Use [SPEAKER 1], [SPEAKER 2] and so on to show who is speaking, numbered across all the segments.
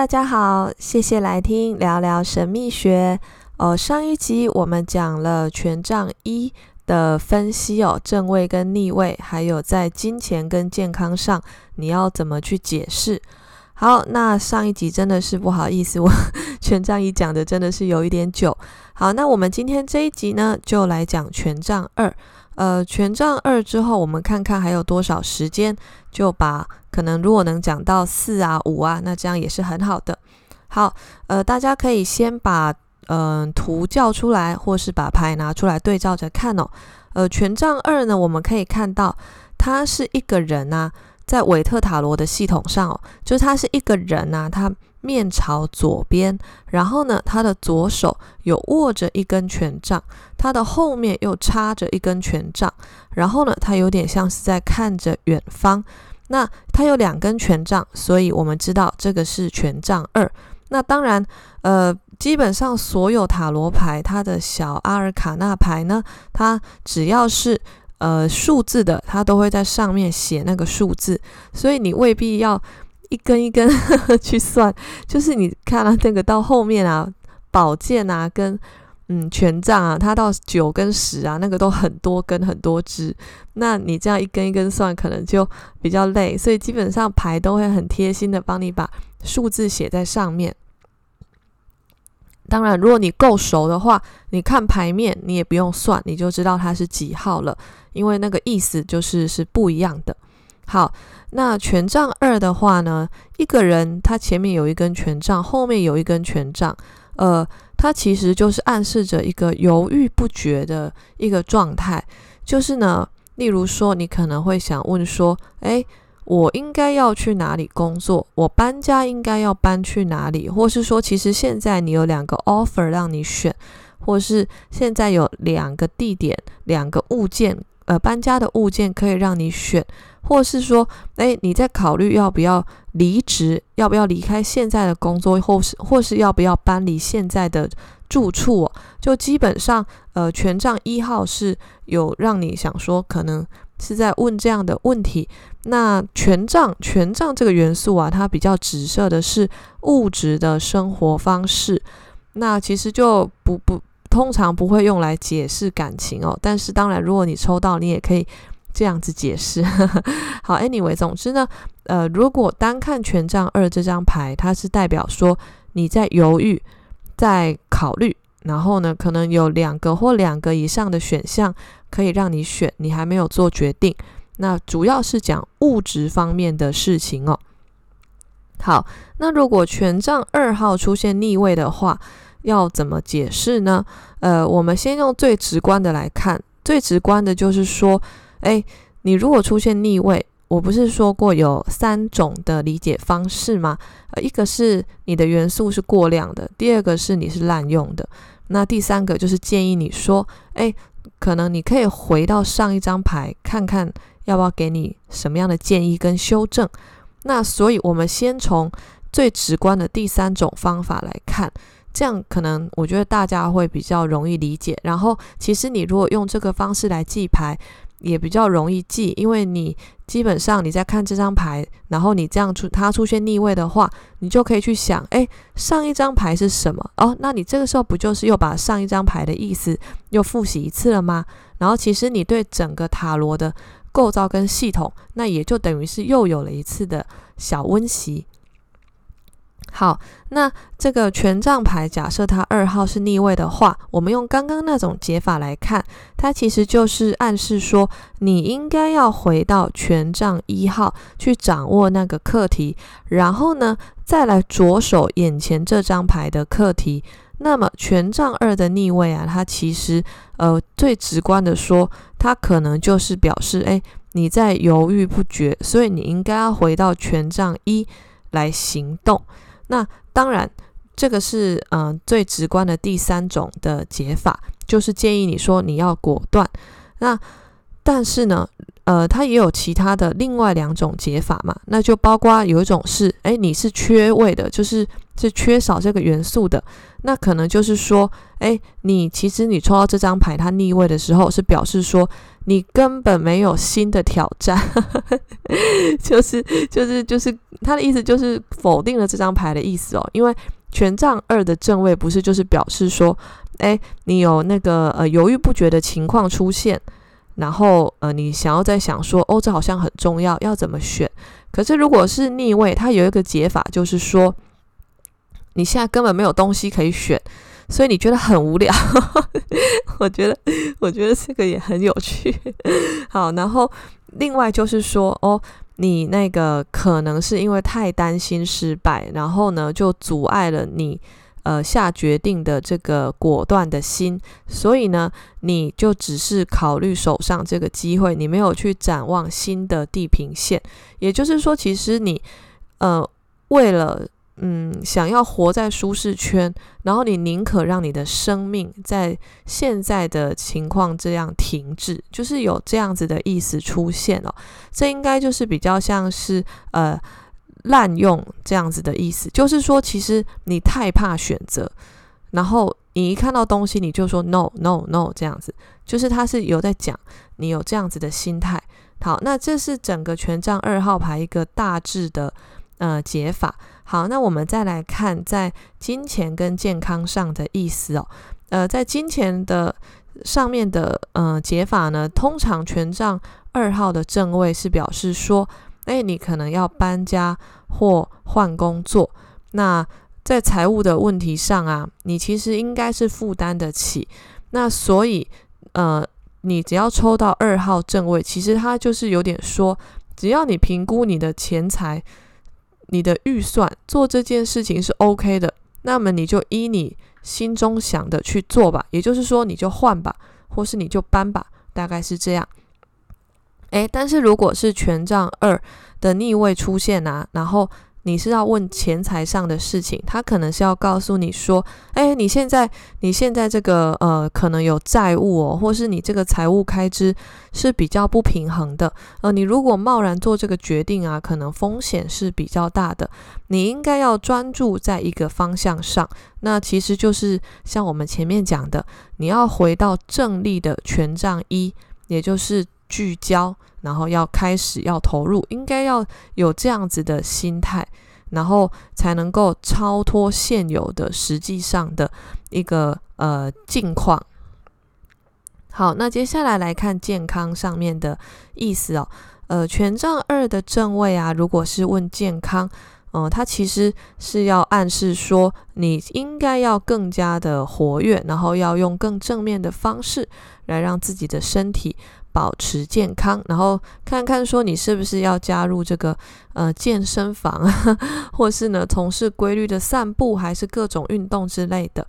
[SPEAKER 1] 大家好，謝謝來聽聊聊神秘學哦。上一集我們講了權杖一的分析哦，正位跟逆位，還有在金錢跟健康上你要怎麼去解釋？好，那上一集真的是不好意思，我權杖一講的真的是有一點久。好，那我們今天這一集呢，就來講權杖二。呃，權杖二之後，我們看看還有多少時間，就把可能如果能講到四啊、五啊，那這樣也是很好的。好，呃，大家可以先把嗯、呃、圖叫出來，或是把牌拿出來對照着看哦。呃，權杖二呢，我們可以看到他是一個人啊。在韋特塔羅的系統上，哦，就是他是一個人吶，啊，他面朝左邊，然後呢，他的左手有握着一根權杖，他的後面又插着一根權杖，然後呢，他有點像是在看着遠方。那他有兩根權杖，所以我們知道這個是權杖二。那當然，呃，基本上所有塔羅牌，他的小阿爾卡納牌呢，它只要是。呃，數字的他都會在上面寫那個數字，所以你未必要一根一根 去算。就是你看到、啊、那個到後面啊，寶劍啊，跟嗯權杖啊，它到九跟十啊，那個都很多根很多支。那你這樣一根一根算，可能就比較累。所以基本上牌都會很貼心的幫你把數字寫在上面。當然，如果你夠熟的話，你看牌面，你也不用算，你就知道它是幾號了，因為那個意思就是是不一樣的。好，那權杖二的話呢，一個人他前面有一根權杖，後面有一根權杖，呃，它其實就是暗示着一個猶豫不決的一個狀態，就是呢，例如說你可能會想問說，誒……我應該要去哪裡工作？我搬家應該要搬去哪裡？或是說，其實現在你有兩個 offer 讓你選，或是現在有兩個地點、兩個物件，呃，搬家的物件可以讓你選，或是說，哎，你在考慮要不要離職，要不要離開現在的工作，或是或是要不要搬離現在的住處啊。就基本上，呃，權杖一號是有讓你想說，可能是在問這樣的問題。那權杖，權杖這個元素啊，它比較指涉的是物質的生活方式。那其實就不不通常不會用來解釋感情哦。但是當然，如果你抽到，你也可以這樣子解釋。 好，anyway，總之呢，呃，如果單看權杖二這張牌，它是代表說你在猶豫，在考慮，然後呢，可能有兩個或兩個以上的選項可以讓你選，你還沒有做決定。那主要是講物質方面的事情哦。好，那如果權杖二號出現逆位的話，要怎麼解釋呢？呃，我們先用最直觀的來看，最直觀的就是說，哎，你如果出現逆位，我不是說過有三種的理解方式嗎？一個是你的元素是過量的，第二個是你是濫用的，那第三個就是建議你說，哎，可能你可以回到上一張牌看看。要不要給你什麼樣的建議跟修正？那所以，我們先從最直觀的第三種方法來看，這樣可能我覺得大家會比較容易理解。然後，其實你如果用這個方式來記牌，也比較容易記，因為你基本上你在看這張牌，然後你這樣出它出現逆位的話，你就可以去想，誒，上一張牌是什麼？哦，那你這個時候不就是又把上一張牌的意思又複習一次了嗎？然後，其實你對整個塔羅的。構造跟系統，那也就等於是又有了一次的小溫習。好，那這個權杖牌，假設它二號是逆位的話，我們用剛剛那種解法來看，它其實就是暗示說，你應該要回到權杖一號去掌握那個課題，然後呢，再來着手眼前這張牌的課題。那麼權杖二的逆位啊，它其實呃最直觀的說，它可能就是表示誒你在猶豫不決，所以你應該要回到權杖一來行動。那當然這個是嗯、呃、最直觀的第三種的解法，就是建議你說，你要果斷。那但是呢？呃，它也有其他的另外兩種解法嘛，那就包括有一種是，哎，你是缺位的，就是是缺少這個元素的。那可能就是說，哎，你其實你抽到這張牌它逆位的時候，是表示說你根本沒有新的挑戰， 就是就是就是他的意思就是否定了這張牌的意思哦。因為權杖二的正位不是就是表示說，哎，你有那個呃猶豫不決的情況出現。然後，呃，你想要再想說，哦，這好像很重要，要怎麼選？可是如果是逆位，它有一個解法，就是說，你現在根本沒有東西可以選，所以你覺得很無聊。 我覺得，我覺得這個也很有趣。好，然後另外就是說，哦，你那個可能是因為太擔心失敗，然後呢，就阻礙了你。呃，下決定的這個果斷的心，所以呢，你就只是考慮手上這個機會，你沒有去展望新的地平線。也就是說，其實你，呃，為了，嗯，想要活在舒適圈，然後你寧可讓你的生命在現在的情況這樣停滯，就是有這樣子的意思出現了哦。這應該就是比較像是呃。濫用這樣子的意思，就是說，其實你太怕選擇，然後你一看到東西，你就說 no no no 這樣子，就是它是有在講你有這樣子的心態。好，那這是整個權杖二號牌一個大致的呃解法。好，那我們再來看在金錢跟健康上的意思哦。呃，在金錢的上面的呃解法呢，通常權杖二號的正位是表示說。誒，你可能要搬家或換工作，那在財務的問題上啊，你其實應該是負擔得起。那所以，呃，你只要抽到二號正位，其實它就是有點說，只要你評估你的錢財、你的預算，做這件事情是 OK 的，那麼你就依你心中想的去做吧。也就是說，你就換吧，或是你就搬吧，大概是這樣。誒，但是如果是權杖二的逆位出現啊，然後你是要問錢財上的事情，他可能是要告訴你說，誒，你現在你現在這個呃，可能有債務哦，或是你這個財務開支是比較不平衡的，呃，你如果貿然做這個決定啊，可能風險是比較大的，你應該要專注在一個方向上，那其實就是像我們前面講的，你要回到正立的權杖一。也就是聚焦，然後要開始要投入，應該要有這樣子的心態，然後才能夠超脫現有的實際上的一個呃境況。好，那接下來來看健康上面的意思哦，呃，權杖二的正位啊，如果是問健康。嗯，它其實是要暗示說，你應該要更加的活躍，然後要用更正面的方式來讓自己的身體保持健康，然後看看說你是不是要加入這個呃健身房，或是呢從事規律的散步，還是各種運動之類的。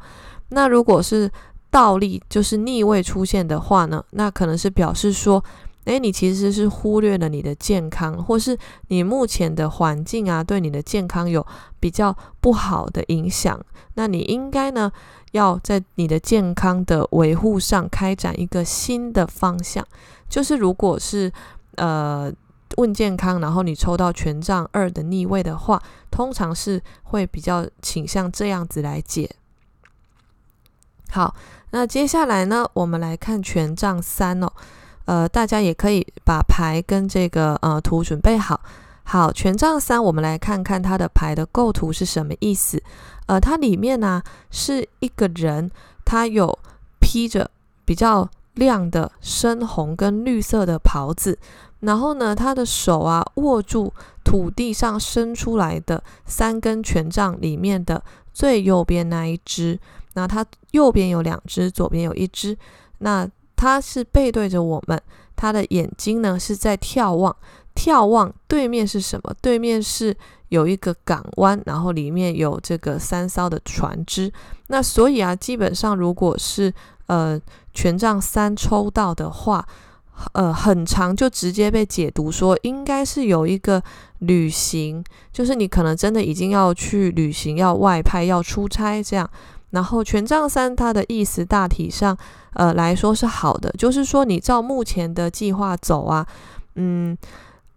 [SPEAKER 1] 那如果是倒立，就是逆位出現的話呢，那可能是表示說。誒，你其實是忽略了你的健康，或是你目前的環境啊，對你的健康有比較不好的影響。那你應該呢，要在你的健康的維護上開展一個新的方向。就是如果是呃問健康，然後你抽到權杖二的逆位的話，通常是會比較傾向這樣子來解。好，那接下來呢，我們來看權杖三哦。呃，大家也可以把牌跟這個呃圖準備好。好，權杖三，我們來看看它的牌的構圖是什麼意思。呃，它裡面呢啊是一個人，他有披着比較亮的深紅跟綠色的袍子，然後呢，他的手啊握住土地上伸出來的三根權杖裡面的最右邊那一隻。那他右邊有兩隻，左邊有一隻。那他是背對着我們，他的眼睛呢是在眺望，眺望對面是什麼？對面是有一個港灣，然後裡面有這個三艘的船隻。那所以啊，基本上如果是呃權杖三抽到的話，呃很常就直接被解讀說應該是有一個旅行，就是你可能真的已經要去旅行，要外派，要出差這樣。然後權杖三，它的意思大體上，呃來說是好的，就是說你照目前的計劃走啊，嗯，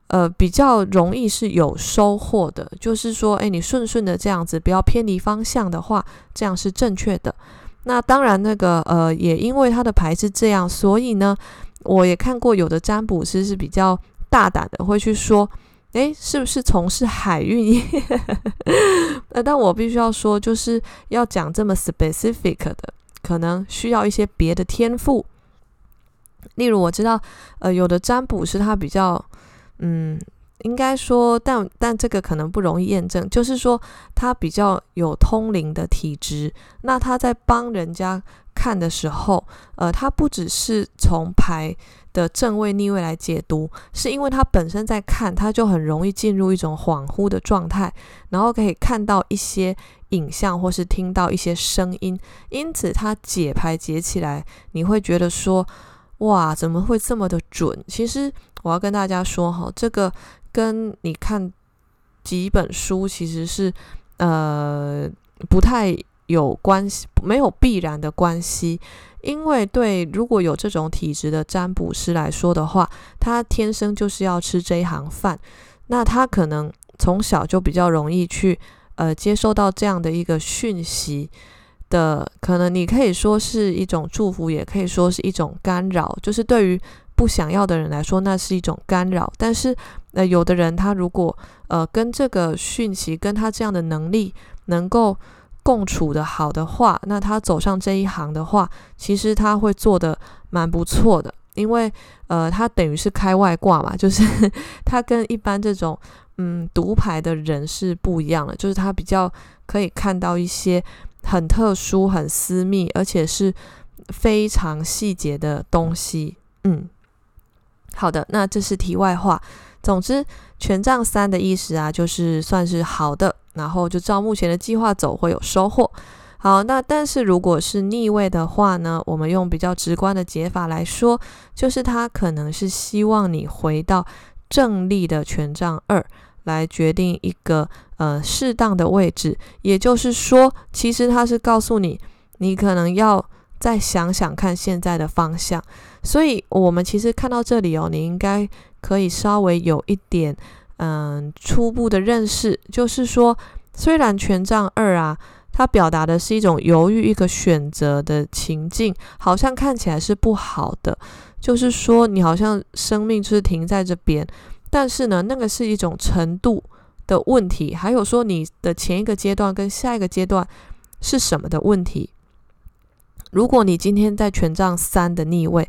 [SPEAKER 1] 呃比較容易是有收穫的，就是說，誒，你順順的這樣子，不要偏離方向的話，這樣是正確的。那當然，那個呃也因為他的牌是這樣，所以呢，我也看過有的占卜師是比較大膽的，會去說。哎，是不是從事海運？ 但我必須要說，就是要講這麼 specific 的，可能需要一些別的天賦。例如，我知道，呃，有的占卜師他比較，嗯。應該說，但但這個可能不容易驗證，就是說他比較有通靈的體質。那他在幫人家看的時候，呃，他不只是從牌的正位逆位來解讀，是因為他本身在看，他就很容易進入一種恍惚的狀態，然後可以看到一些影像或是聽到一些聲音。因此，他解牌解起來，你會覺得說，哇，怎麼會這麼的準？其實我要跟大家說哈，這個。跟你看幾本書其實是呃不太有關係，沒有必然的關係。因為對，如果有這種體質的占卜師來說的話，他天生就是要吃這一行飯，那他可能從小就比較容易去呃接受到這樣的一個訊息的，可能你可以說是一種祝福，也可以說是一種干擾，就是對於。不想要的人來說，那是一種干擾。但是，呃，有的人他如果呃跟這個訊息跟他這樣的能力能夠共處得好的話，那他走上這一行的話，其實他會做得蠻不錯的。因為呃，他等於是開外掛嘛，就是呵呵他跟一般這種嗯讀牌的人是不一樣的，就是他比較可以看到一些很特殊、很私密，而且是非常細節的東西。嗯。好的，那這是題外話。總之，權杖三的意思啊，就是算是好的，然後就照目前的計劃走，會有收穫。好，那但是如果是逆位的話呢，我們用比較直觀的解法來說，就是他可能是希望你回到正立的權杖二來決定一個呃適當的位置，也就是說，其實他是告訴你，你可能要。再想想看現在的方向，所以我們其實看到這裡哦，你應該可以稍微有一點嗯初步的認識，就是說雖然權杖二啊，它表達的是一種猶豫、一個選擇的情境，好像看起來是不好的，就是說你好像生命就是停在這邊，但是呢，那個是一種程度的問題，還有說你的前一個階段跟下一個階段是什麼的問題。如果你今天在權杖三的逆位，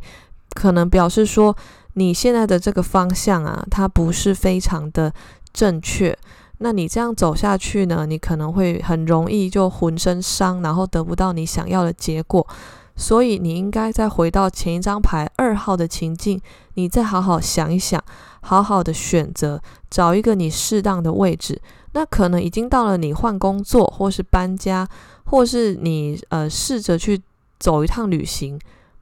[SPEAKER 1] 可能表示說你現在的這個方向啊，它不是非常的正確。那你這樣走下去呢，你可能會很容易就渾身傷，然後得不到你想要的結果。所以你應該再回到前一張牌二號的情境，你再好好想一想，好好的選擇，找一個你適當的位置。那可能已經到了你換工作，或是搬家，或是你呃試着去。走一趟旅行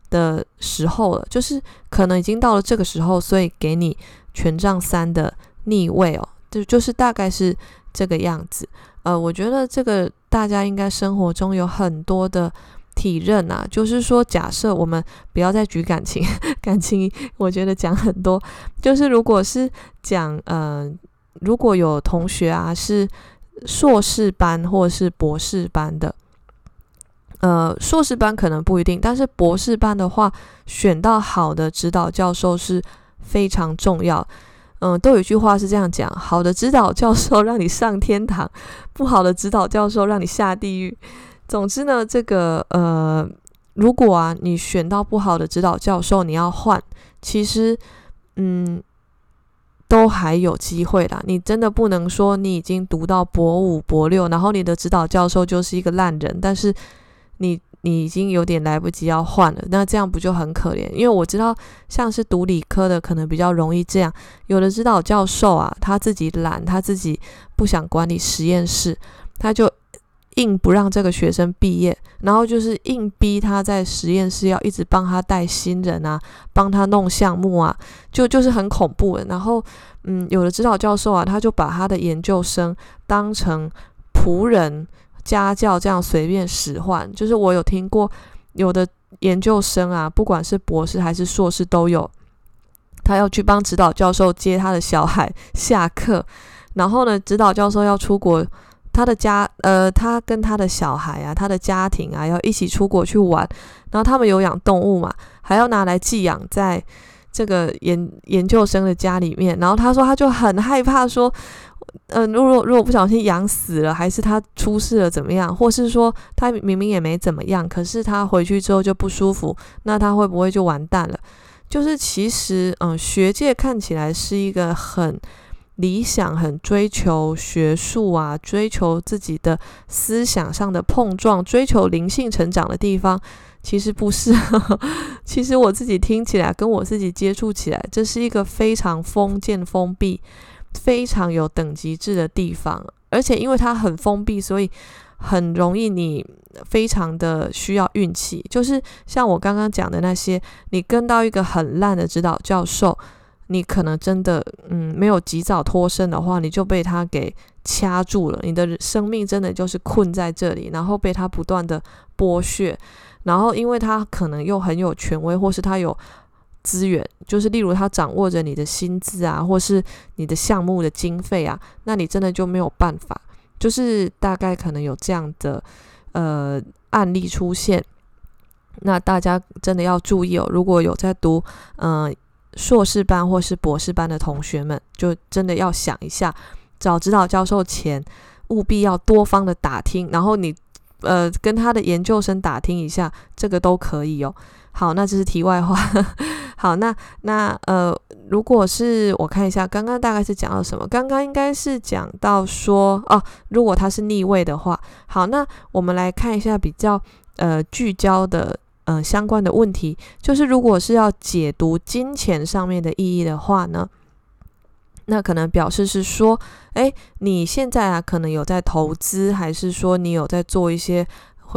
[SPEAKER 1] 的時候了，就是可能已經到了這個時候，所以給你權杖三的逆位哦，就就是大概是這個樣子。呃，我覺得這個大家應該生活中有很多的體認啊，就是說，假設我們不要再舉感情，感情，我覺得講很多，就是如果是講，嗯、呃，如果有同學啊是碩士班或者是博士班的。呃，碩士班可能不一定，但是博士班的話，選到好的指導教授是非常重要。嗯、呃，都有一句話是這樣講：好的指導教授讓你上天堂，不好的指導教授讓你下地獄。總之呢，這個呃，如果啊你選到不好的指導教授，你要換，其實嗯，都還有機會啦。你真的不能說你已經讀到博五、博六，然後你的指導教授就是一個爛人，但是。你你已經有點來不及要換了，那這樣不就很可憐？因為我知道，像是讀理科的可能比較容易這樣。有的指導教授啊，他自己懶，他自己不想管理實驗室，他就硬不讓這個學生畢業，然後就是硬逼他在實驗室要一直幫他帶新人啊，幫他弄項目啊，就就是很恐怖的。然後，嗯，有的指導教授啊，他就把他的研究生當成僕人。家教這樣隨便使喚，就是我有聽過有的研究生啊，不管是博士還是碩士都有，他要去幫指導教授接他的小孩下課，然後呢，指導教授要出國，他的家呃，他跟他的小孩啊，他的家庭啊，要一起出國去玩，然後他們有養動物嘛，還要拿來寄養在這個研研究生的家裡面，然後他說他就很害怕說。嗯、呃，如果如果不小心養死了，還是他出事了，怎麼樣？或是說他明明也沒怎麼樣，可是他回去之後就不舒服，那他會不會就完蛋了？就是其實，嗯，學界看起來是一個很理想、很追求學術啊，追求自己的思想上的碰撞，追求靈性成長的地方，其實不是。呵呵其實我自己聽起來，跟我自己接觸起來，這是一個非常封建、封閉。非常有等級制的地方，而且因為它很封閉，所以很容易你非常的需要運氣。就是像我剛剛講的那些，你跟到一個很爛的指導教授，你可能真的嗯沒有及早脫身的話，你就被他給掐住了，你的生命真的就是困在這裡，然後被他不斷的剝削，然後因為他可能又很有權威，或是他有。資源就是，例如他掌握着你的薪資啊，或是你的項目的經費啊，那你真的就沒有辦法。就是大概可能有這樣的呃案例出現，那大家真的要注意哦。如果有在讀嗯、呃、碩士班或是博士班的同學們，就真的要想一下，找指導教授前，務必要多方的打聽，然後你呃跟他的研究生打聽一下，這個都可以哦。好，那這是題外話。 好，那那呃，如果是我看一下，剛剛大概是講到什麼？剛剛應該是講到說哦，如果它是逆位的話，好，那我們來看一下比較呃聚焦的呃相關的問題，就是如果是要解讀金錢上面的意義的話呢，那可能表示是說，誒，你現在啊可能有在投資，還是說你有在做一些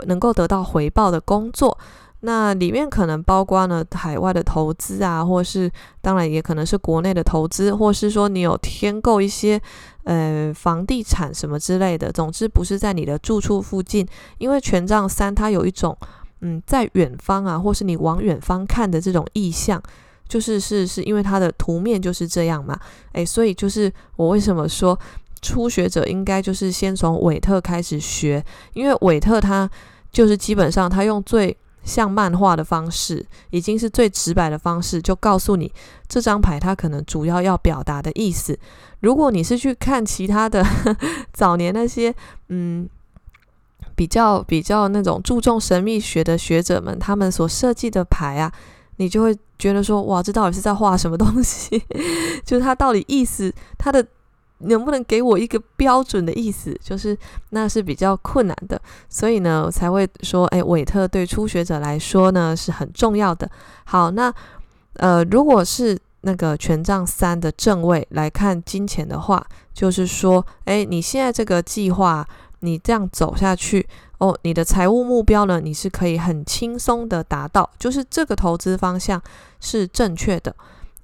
[SPEAKER 1] 能夠得到回報的工作？那裡面可能包括呢，海外的投資啊，或是當然也可能是國內的投資，或是說你有添購一些呃房地產什麼之類的。總之不是在你的住處附近，因為權杖三它有一種嗯在遠方啊，或是你往遠方看的這種意象，就是是是因為它的圖面就是這樣嘛。誒，所以就是我為什麼說初學者應該就是先從韋特開始學，因為韋特他就是基本上他用最像漫畫的方式，已經是最直白的方式，就告訴你這張牌它可能主要要表達的意思。如果你是去看其他的早年那些嗯比較比較那種注重神秘學的學者們，他們所設計的牌啊，你就會覺得說哇，這到底是在畫什麼東西？就是它到底意思它的。你能不能給我一個標準的意思？就是那是比較困難的，所以呢，我才會說，哎，韋特對初學者來說呢是很重要的。好，那呃，如果是那個權杖三的正位來看金錢的話，就是說，哎，你現在這個計劃，你這樣走下去，哦，你的財務目標呢，你是可以很輕鬆的達到，就是這個投資方向是正確的。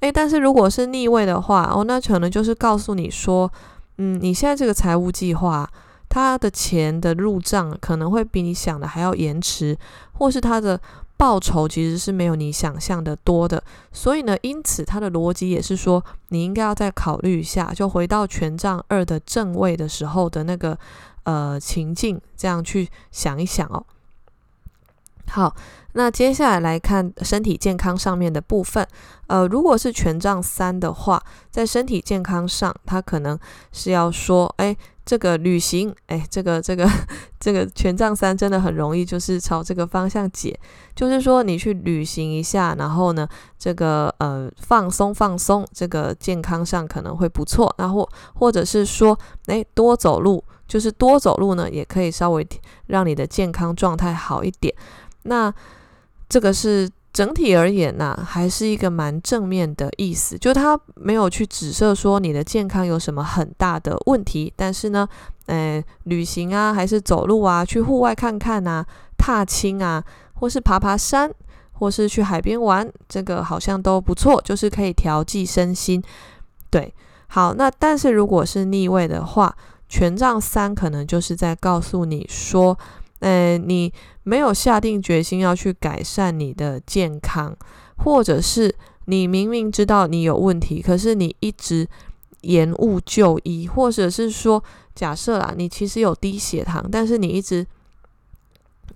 [SPEAKER 1] 誒，但是如果是逆位的話，哦，那可能就是告訴你說，嗯，你現在這個財務計劃，他的錢的入賬可能會比你想的還要延遲，或是他的報酬其實是沒有你想象的多的。所以呢，因此他的邏輯也是說，你應該要再考慮一下，就回到權杖二的正位的時候的那個，呃，情境，這樣去想一想哦。好。那接下來來看身體健康上面的部分，呃，如果是權杖三的話，在身體健康上，它可能是要說，誒、欸，這個旅行，誒、欸，這個這個、這個、這個權杖三真的很容易就是朝這個方向解，就是說你去旅行一下，然後呢，這個呃放鬆放鬆，這個健康上可能會不錯，然後或，或者是說，誒、欸，多走路，就是多走路呢，也可以稍微讓你的健康狀態好一點，那。這個是整體而言呢、啊，還是一個蠻正面的意思，就它沒有去指涉說你的健康有什麼很大的問題，但是呢，誒，旅行啊，還是走路啊，去戶外看看啊，踏青啊，或是爬爬山，或是去海邊玩，這個好像都不錯，就是可以調劑身心，對，好，那但是如果是逆位的話，權杖三可能就是在告訴你說，呃，你沒有下定決心要去改善你的健康，或者是你明明知道你有問題，可是你一直延誤就醫，或者是說，假設啦，你其實有低血糖，但是你一直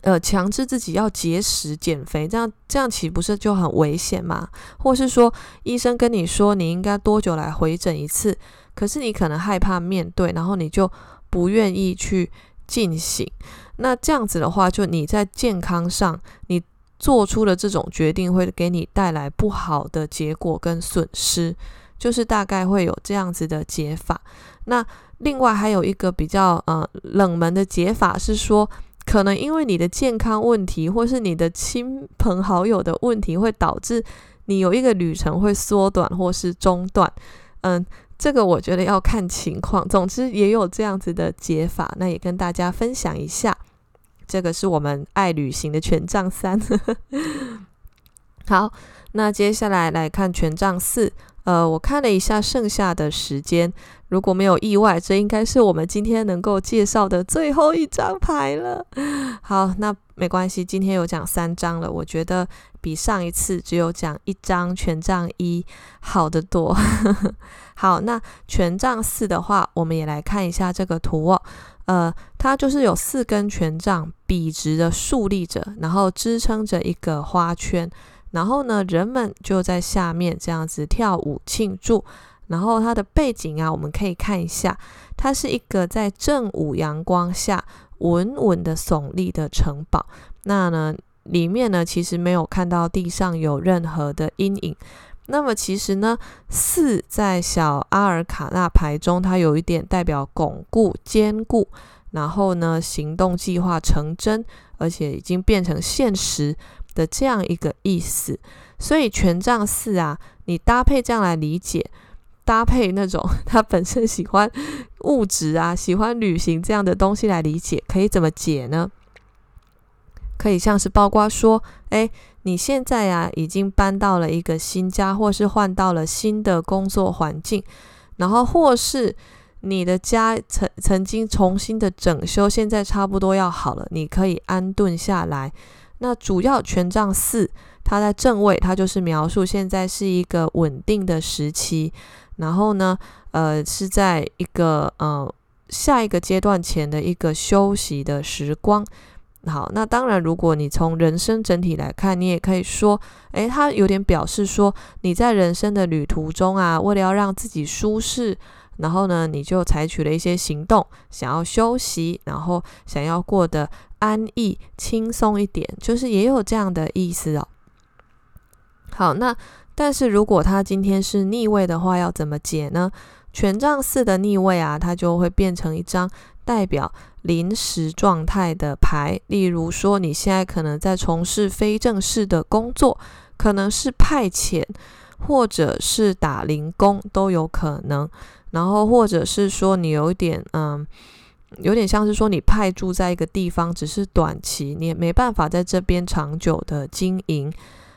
[SPEAKER 1] 呃強制自己要節食減肥，這樣這樣豈不是就很危險嗎？或是說，醫生跟你說你應該多久來回診一次，可是你可能害怕面對，然後你就不願意去。進行，那這樣子的話，就你在健康上，你做出了這種決定會給你帶來不好的結果跟損失，就是大概會有這樣子的解法。那另外還有一個比較呃冷門的解法是說，可能因為你的健康問題，或是你的親朋好友的問題，會導致你有一個旅程會縮短或是中斷，嗯、呃。這個我覺得要看情況，總之也有這樣子的解法，那也跟大家分享一下。這個是我們愛旅行的權杖三呵呵。好，那接下來來看權杖四。呃，我看了一下剩下的時間，如果沒有意外，這應該是我們今天能夠介紹的最後一張牌了。好，那沒關係，今天有講三張了，我覺得比上一次只有講一張權杖一好得多。呵呵好，那權杖四的話，我們也來看一下這個圖哦，呃，它就是有四根權杖筆直地豎立着，然後支撐着一個花圈。然後呢，人們就在下面這樣子跳舞慶祝。然後它的背景啊，我們可以看一下，它是一個在正午陽光下穩穩地聳立的城堡。那呢，裡面呢其實沒有看到地上有任何的陰影。那麼其實呢，四在小阿爾卡納牌中，它有一點代表鞏固、堅固，然後呢，行動計劃成真，而且已經變成現實的這樣一個意思。所以權杖四啊，你搭配這樣來理解，搭配那種他本身喜歡物質啊、喜歡旅行這樣的東西來理解，可以怎麼解呢？可以像是包括說，誒、欸，你現在呀、啊、已經搬到了一個新家，或是換到了新的工作環境，然後或是你的家曾曾經重新的整修，現在差不多要好了，你可以安頓下來。那主要權杖四，它在正位，它就是描述現在是一個穩定的時期，然後呢，呃，是在一個呃下一個階段前的一個休息的時光。好，那當然，如果你從人生整體來看，你也可以說，誒，他有點表示說，你在人生的旅途中啊，為了要讓自己舒適，然後呢，你就採取了一些行動，想要休息，然後想要過得安逸、輕鬆一點，就是也有這樣的意思哦。好，那但是如果他今天是逆位的話，要怎麼解呢？權杖四的逆位啊，它就會變成一張。代表臨時狀態的牌，例如說，你現在可能在從事非正式的工作，可能是派遣，或者是打零工都有可能。然後，或者是說，你有一點，嗯，有點像是說，你派駐在一個地方，只是短期，你也沒辦法在這邊長久的經營。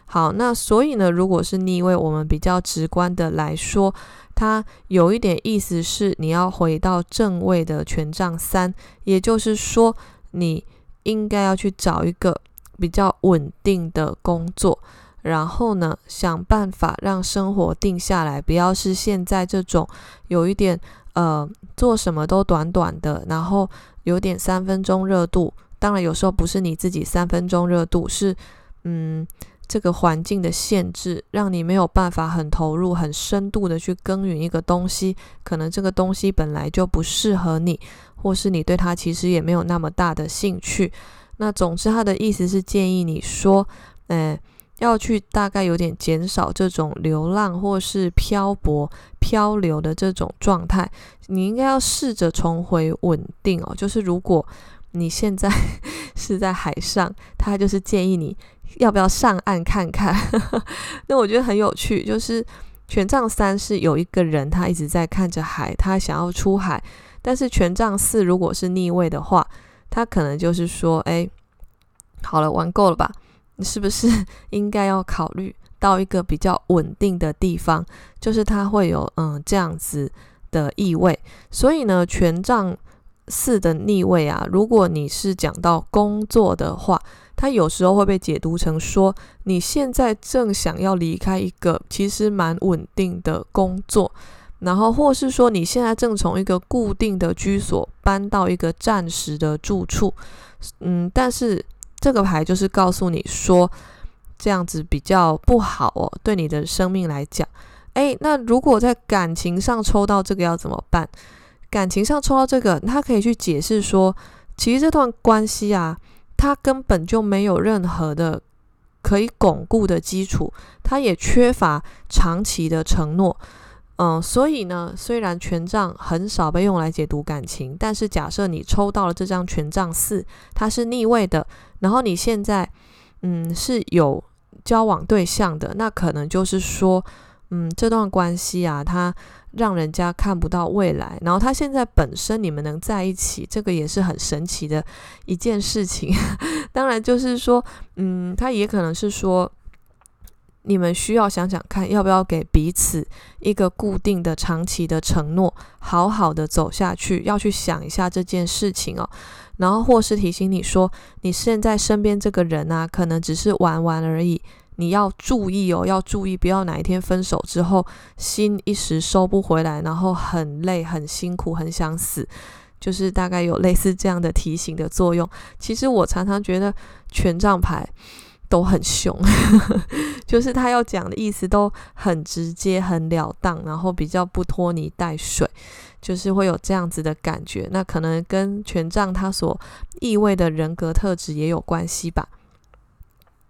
[SPEAKER 1] 好，那所以呢，如果是逆位，我們比較直觀的來說。它有一點意思是你要回到正位的權杖三，也就是說你應該要去找一個比較穩定的工作，然後呢，想辦法讓生活定下來，不要是現在這種有一點呃做什麼都短短的，然後有點三分鐘熱度。當然有時候不是你自己三分鐘熱度，是嗯。這個環境的限制，讓你沒有辦法很投入、很深度的去耕耘一個東西，可能這個東西本來就不適合你，或是你對它其實也沒有那麼大的興趣。那總之，他的意思是建議你說，誒、呃，要去大概有點減少這種流浪或是漂泊、漂流的這種狀態，你應該要試着重回穩定哦。就是如果你現在是在海上，他就是建議你要不要上岸看看呵呵。那我覺得很有趣，就是權杖三是有一個人他一直在看着海，他想要出海，但是權杖四如果是逆位的話，他可能就是說：“哎，好了，玩夠了吧？你是不是應該要考慮到一個比較穩定的地方？就是他會有嗯這樣子的意味。所以呢，權杖。”四的逆位啊，如果你是講到工作的話，它有時候會被解讀成說你現在正想要離開一個其實蠻穩定的工作，然後或是說你現在正從一個固定的居所搬到一個暫時的住處，嗯，但是這個牌就是告訴你說這樣子比較不好哦，對你的生命來講，誒，那如果在感情上抽到這個要怎麼辦？感情上抽到這個，他可以去解釋說，其實這段關係啊，他根本就沒有任何的可以鞏固的基礎，他也缺乏長期的承諾。嗯，所以呢，雖然權杖很少被用來解讀感情，但是假設你抽到了這張權杖四，它是逆位的，然後你現在嗯是有交往對象的，那可能就是說，嗯，這段關係啊，他，讓人家看不到未來，然後他現在本身你們能在一起，這個也是很神奇的一件事情。當然就是說，嗯，他也可能是說，你們需要想想看，要不要給彼此一個固定的、長期的承諾，好好的走下去，要去想一下這件事情哦。然後或是提醒你說，你現在身邊這個人啊，可能只是玩玩而已。你要注意哦，要注意，不要哪一天分手之後心一時收不回來，然後很累、很辛苦、很想死，就是大概有類似這樣的提醒的作用。其實我常常覺得權杖牌都很兇， 就是他要講的意思都很直接、很了當，然後比較不拖泥帶水，就是會有這樣子的感覺。那可能跟權杖他所意味的人格特質也有關係吧。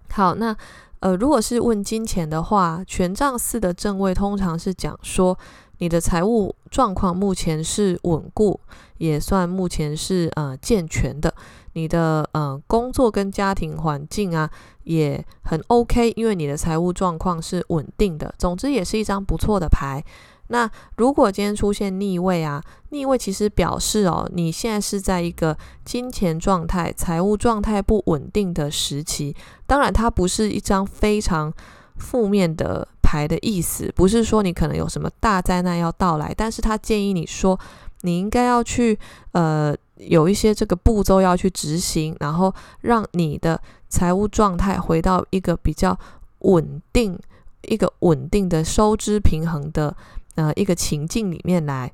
[SPEAKER 1] 好，那。呃，如果是問金錢的話，權杖四的正位通常是講說你的財務狀況目前是穩固，也算目前是呃健全的。你的呃工作跟家庭環境啊也很 OK，因為你的財務狀況是穩定的。總之也是一張不錯的牌。那如果今天出現逆位啊，逆位其實表示哦，你現在是在一個金錢狀態、財務狀態不穩定的時期。當然，它不是一張非常負面的牌的意思，不是說你可能有什麼大災難要到來。但是它建議你說，你應該要去呃有一些這個步驟要去執行，然後讓你的財務狀態回到一個比較穩定、一個穩定的收支平衡的。呃，一個情境裡面來，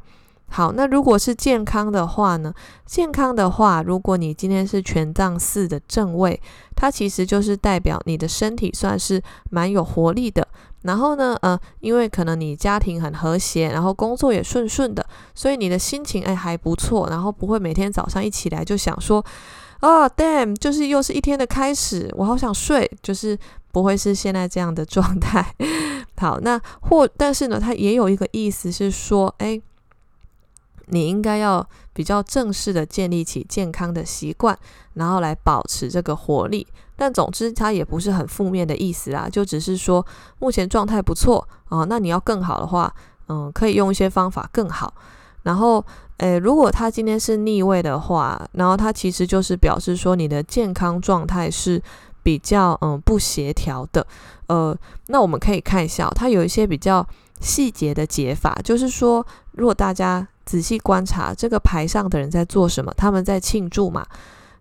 [SPEAKER 1] 好，那如果是健康的話呢？健康的話，如果你今天是權杖四的正位，它其實就是代表你的身體算是蠻有活力的。然後呢，呃，因為可能你家庭很和諧，然後工作也順順的，所以你的心情哎還不錯。然後不會每天早上一起來就想說，啊，damn，就是又是一天的開始，我好想睡，就是。不會是現在這樣的狀態。好，那或但是呢，他也有一個意思是說，哎，你應該要比較正式的建立起健康的習慣，然後來保持這個活力。但總之，他也不是很負面的意思啦，就只是說目前狀態不錯啊。那你要更好的話，嗯，可以用一些方法更好。然後，誒，如果他今天是逆位的話，然後他其實就是表示說你的健康狀態是。比較嗯不協調的，呃，那我們可以看一下哦，它有一些比較細節的解法，就是說，如果大家仔細觀察這個牌上的人在做什麼，他們在慶祝嘛。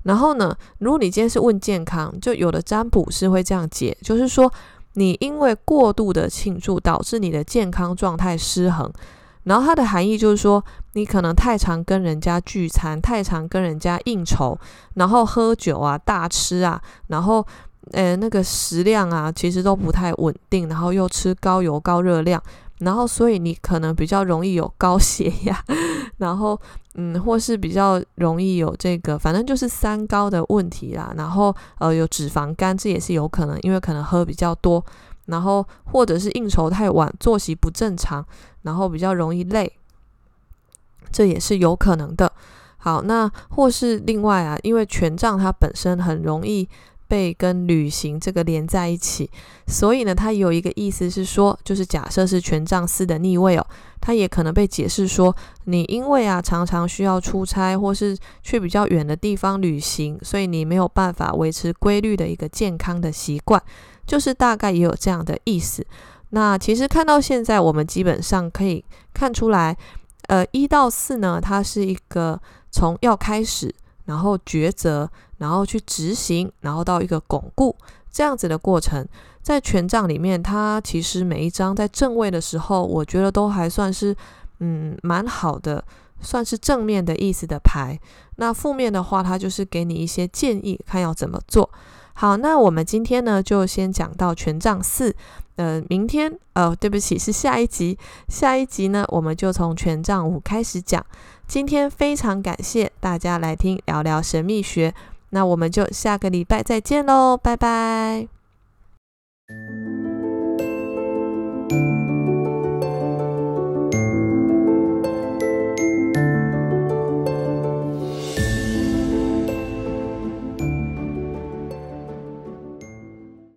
[SPEAKER 1] 然後呢，如果你今天是問健康，就有的占卜師會這樣解，就是說，你因為過度的慶祝導致你的健康狀態失衡。然後它的含義就是說，你可能太常跟人家聚餐，太常跟人家應酬，然後喝酒啊、大吃啊，然後誒，那個食量啊，其實都不太穩定，然後又吃高油高熱量，然後所以你可能比較容易有高血壓，然後嗯，或是比較容易有這個，反正就是三高的問題啦。然後呃有脂肪肝，這也是有可能，因為可能喝比較多，然後或者是應酬太晚，作息不正常。然後比較容易累，這也是有可能的。好，那或是另外啊，因為權杖它本身很容易被跟旅行這個連在一起，所以呢，它有一個意思是說，就是假設是權杖四的逆位哦，它也可能被解釋說，你因為啊常常需要出差或是去比較遠的地方旅行，所以你沒有辦法維持規律的一個健康的習慣，就是大概也有這樣的意思。那其實看到現在，我們基本上可以看出來，呃，一到四呢，它是一個從要開始，然後抉擇，然後去執行，然後到一個鞏固這樣子的過程。在權杖裡面，它其實每一張在正位的時候，我覺得都還算是嗯蠻好的，算是正面的意思的牌。那負面的話，它就是給你一些建議，看要怎麼做。好，那我們今天呢，就先講到權杖四。呃，明天，呃、哦，對不起，是下一集。下一集呢，我們就從權杖五開始講。今天非常感謝大家來聽聊聊神秘學。那我們就下個禮拜再見嘍，拜拜。